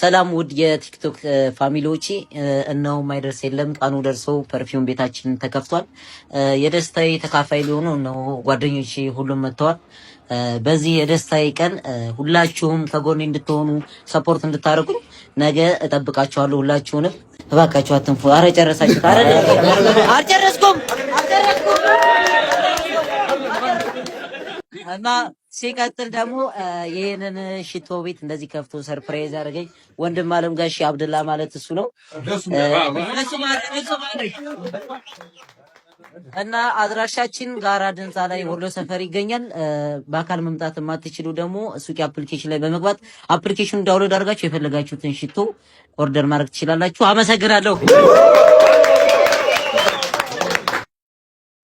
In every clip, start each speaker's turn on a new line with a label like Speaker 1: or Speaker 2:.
Speaker 1: ሰላም ውድ የቲክቶክ ፋሚሊዎች እነው ማይደርስ የለም ቀኑ ደርሶ ፐርፊውም ቤታችን ተከፍቷል። የደስታዬ ተካፋይ ሊሆኑ እነሆ ጓደኞች ሁሉም መጥተዋል። በዚህ የደስታዬ ቀን ሁላችሁም ከጎኔ እንድትሆኑ ሰፖርት እንድታደርጉ ነገ እጠብቃችኋለሁ። ሁላችሁንም እባካችሁ አትንፉ። አረ ጨረሳችሁ? አልጨረስኩም እና ሲቀጥል ደግሞ ይህንን ሽቶ ቤት እንደዚህ ከፍቶ ሰርፕራይዝ አድርገኝ ወንድም አለም ጋሽ አብድላ ማለት እሱ ነው እና አድራሻችን ጋራ ድንፃ ላይ ወሎ ሰፈር ይገኛል። በአካል መምጣት የማትችሉ ደግሞ ሱቅ አፕሊኬሽን ላይ በመግባት አፕሊኬሽኑ ዳውንሎድ አድርጋችሁ የፈለጋችሁትን ሽቶ ኦርደር ማድረግ ትችላላችሁ። አመሰግናለሁ።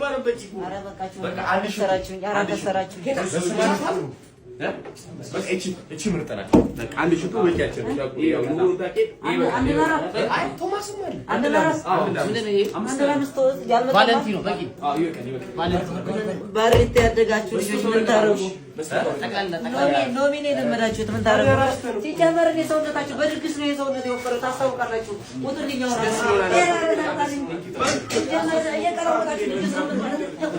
Speaker 2: ነበረበት።
Speaker 3: ባሬት ያደጋችሁ ልጆች ምን ታረጉ? ኖሚኔ የለመዳችሁት ምን ታረጉ? ሲጀመር እኔ ሰውነታችሁ በድግስ ነው የሰውነት የወፈረ ታስታውቃላችሁ። ቁጥር ልኛው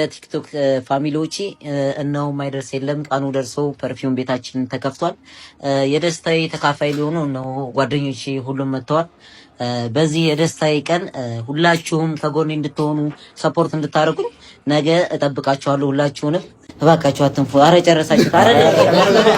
Speaker 3: የቲክቶክ ፋሚሊዎች እነው ማይደርስ የለም ቀኑ ደርሶ ፐርፊውም ቤታችን ተከፍቷል። የደስታዬ ተካፋይ ሊሆኑ እነሆ ጓደኞች ሁሉም መጥተዋል። በዚህ የደስታዬ ቀን ሁላችሁም ከጎኔ እንድትሆኑ ሰፖርት እንድታደርጉኝ ነገ እጠብቃችኋለሁ። ሁላችሁንም እባካችሁ አትንፉ። አረ ጨረሳችሁ?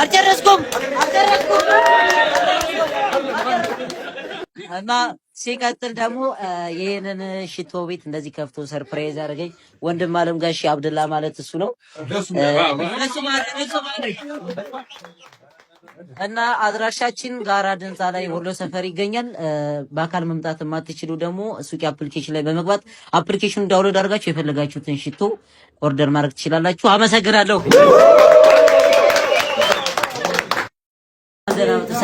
Speaker 3: አልጨረስኩም እና ሲቀጥል ደግሞ ይህንን ሽቶ ቤት እንደዚህ ከፍቶ ሰርፕራይዝ አድርገኝ ወንድም አለም ጋሽ አብድላ ማለት እሱ ነው እና አድራሻችን ጋራ ድንፃ ላይ ወሎ ሰፈር ይገኛል። በአካል መምጣት የማትችሉ ደግሞ ሱቅ አፕሊኬሽን ላይ በመግባት አፕሊኬሽኑ ዳውንሎድ አድርጋችሁ የፈለጋችሁትን ሽቶ ኦርደር ማድረግ ትችላላችሁ። አመሰግናለሁ።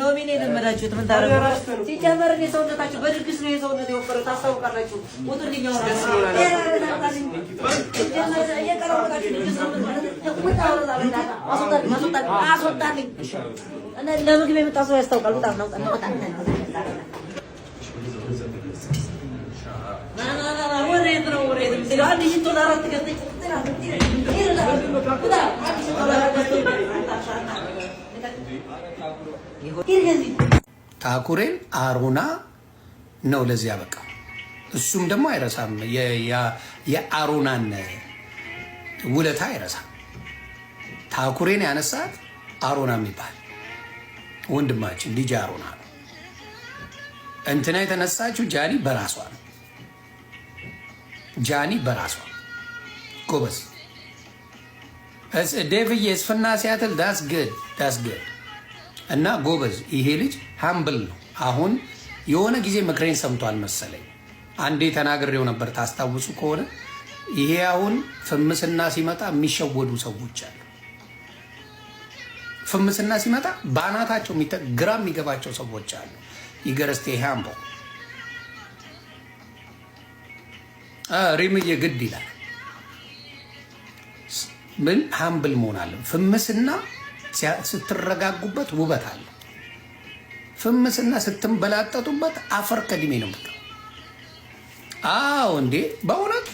Speaker 3: ኖሚኔ የለመዳችሁት ምን ታደርጉ በድግስ ነው የወፈረ ታስታውቃላችሁ። ለምግብ የመጣ ሰው ያስታውቃል። በጣም ነው ወሬት ነው ታኩሬን አሮና ነው ለዚህ ያበቃ። እሱም ደግሞ አይረሳም፣ የአሮናን ውለታ አይረሳም። ታኩሬን ያነሳት አሮና የሚባል ወንድማችን ልጅ አሮና ነው። እንትና የተነሳችው ጃኒ በራሷ ነው። ጃኒ በራሷ ጎበዝ ደፍዬ ስፍና ሲያትል ዳስ ግድ ዳስ ግድ እና ጎበዝ ይሄ ልጅ ሀምብል ነው። አሁን የሆነ ጊዜ ምክሬን ሰምቷል መሰለኝ። አንዴ ተናግሬው ነበር ታስታውሱ ከሆነ ይሄ አሁን ፍምስና ሲመጣ የሚሸወዱ ሰዎች አሉ። ፍምስና ሲመጣ በአናታቸው ግራ የሚገባቸው ሰዎች አሉ። ይገረስቴ ሃምቦ ሪምዬ ግድ ይላል። ምን ሃምብል መሆን አለ ፍምስና ስትረጋጉበት ውበት አለ። ፍምስና ስትንበላጠጡበት አፈር ከድሜ ነው። አዎ እንዴ በእውነት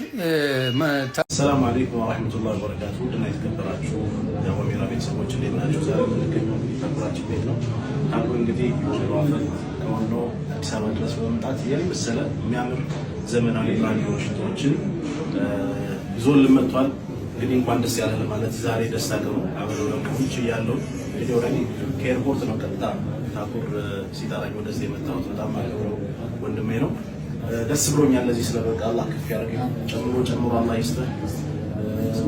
Speaker 3: ሰላም አለይኩም ወራህመቱላሂ ወበረካቱ። ድና የተከበራችሁ የሆሜራ ቤተሰቦች እንዴት ናቸው? ዛሬ የምንገኘው ተኩራችን ቤት ነው። አንዱ እንግዲህ ሆሜራፈን ከወሎ አዲስ አበባ ድረስ በመምጣት የመሰለ የሚያምር ዘመናዊ ራዲዮ ሽቶችን ይዞን ልመጥቷል። እንግዲህ እንኳን ደስ ያለህ ማለት ዛሬ ደስታ ቀኑ አብረው ደግሞ ውጭ ያለው እንግዲህ ወደ ከኤርፖርት ነው ቀጥታ ታኩር ሲጠራኝ ወደዚህ የመጣሁት በጣም አገብረው ወንድሜ ነው። ደስ ብሎኛል ለዚህ ስለበቃ አላህ ከፍ ያደርግህ፣ ጨምሮ ጨምሮ አላህ ይስጥህ።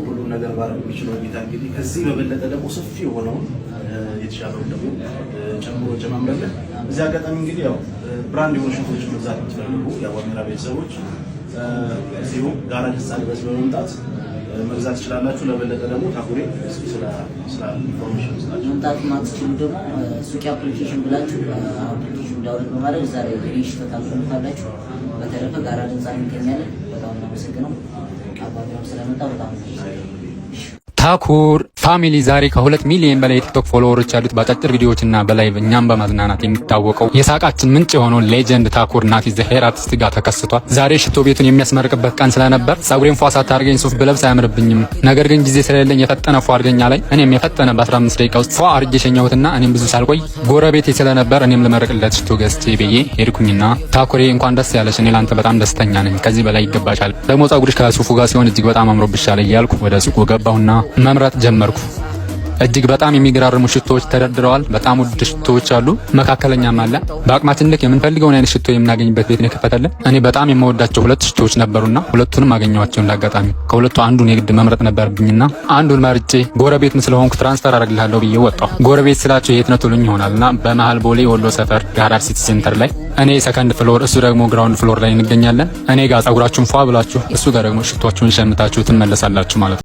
Speaker 3: ሁሉም ነገር ባረግ የሚችለው ጌታ እንግዲህ ከዚህ በበለጠ ደግሞ ሰፊ የሆነውን የተሻለውን ደግሞ ጨምሮ ጨማምረልህ። እዚህ አጋጣሚ እንግዲህ ያው ብራንድ የሆኑ ሽቶች መግዛት የምትፈልጉ የአዋሚራ ቤተሰቦች እዚሁ ጋራ ደሳሌ በዚህ በመምጣት መግዛት ትችላላችሁ። ለበለጠ ደግሞ ታኩሬ እስኪ ስለ ስራ ኢንፎርሜሽን ስላቸው መምጣት ማትችሉ ደግሞ ሱቅ አፕሊኬሽን ብላችሁ አፕሊኬሽን ዳውን በማድረግ እዛ ላይ ሬሽ ተታምታላችሁ። በተረፈ ጋራ ድንጻ ይገኛለን። በጣም እናመሰግነው አባቢያም ስለመጣ በጣም ታኩር ፋሚሊ ዛሬ ከሁለት ሚሊዮን በላይ የቲክቶክ ፎሎወሮች ያሉት በአጫጭር እና በላይቭ እኛም በማዝናናት የሚታወቀው የሳቃችን ምንጭ የሆነው ሌጀንድ ታኩር ናቲ ዘሄር አርቲስት ጋር ተከስቷል። ዛሬ ሽቶ ቤቱን የሚያስመርቅበት ቀን ስለነበር ጸጉሬን ፏ ሳታርገኝ ሱፍ ብለብስ አያምርብኝም፣ ነገር ግን ጊዜ ስለሌለኝ የፈጠነ ፏ አድርገኝ ላይ እኔም የፈጠነ በ15 ደቂቃ ውስጥ ፏ አድርጌ ሸኘሁትና እኔም ብዙ ሳልቆይ ጎረቤቴ ስለነበር እኔም ልመርቅለት ሽቶ ገዝቼ ብዬ ሄድኩኝና ታኩሬ እንኳን ደስ ያለሽ፣ እኔ ላንተ በጣም ደስተኛ ነኝ፣ ከዚህ በላይ ይገባሻል፣ ደግሞ ጸጉርሽ ከሱፉ ጋር ሲሆን እጅግ በጣም አምሮብሻል እያልኩ ወደ ሱቁ ገባሁና መምረጥ ጀመር ተማረኩ። እጅግ በጣም የሚገራርሙ ሽቶዎች ተደርድረዋል። በጣም ውድ ሽቶዎች አሉ፣ መካከለኛም አለ። በአቅማችን ልክ የምንፈልገውን አይነት ሽቶ የምናገኝበት ቤት ነው የከፈተልን። እኔ በጣም የምወዳቸው ሁለት ሽቶዎች ነበሩና ሁለቱንም አገኘዋቸው እንዳጋጣሚ። ከሁለቱ አንዱን የግድ መምረጥ ነበርብኝና አንዱን መርጬ ጎረቤት ስለሆንኩ ትራንስፈር አደርግልሃለሁ ብዬ ወጣሁ። ጎረቤት ስላቸው የት ነው ትሉኝ ይሆናልና በመሀል ቦሌ ወሎ ሰፈር ሀራር ሲቲ ሴንተር ላይ እኔ ሰከንድ ፍሎር፣ እሱ ደግሞ ግራውንድ ፍሎር ላይ እንገኛለን። እኔ ጋር ጸጉራችሁን ፏ ብላችሁ፣ እሱ ጋር ደግሞ ሽቶችሁን ሸምታችሁ ትመለሳላችሁ ማለት ነው።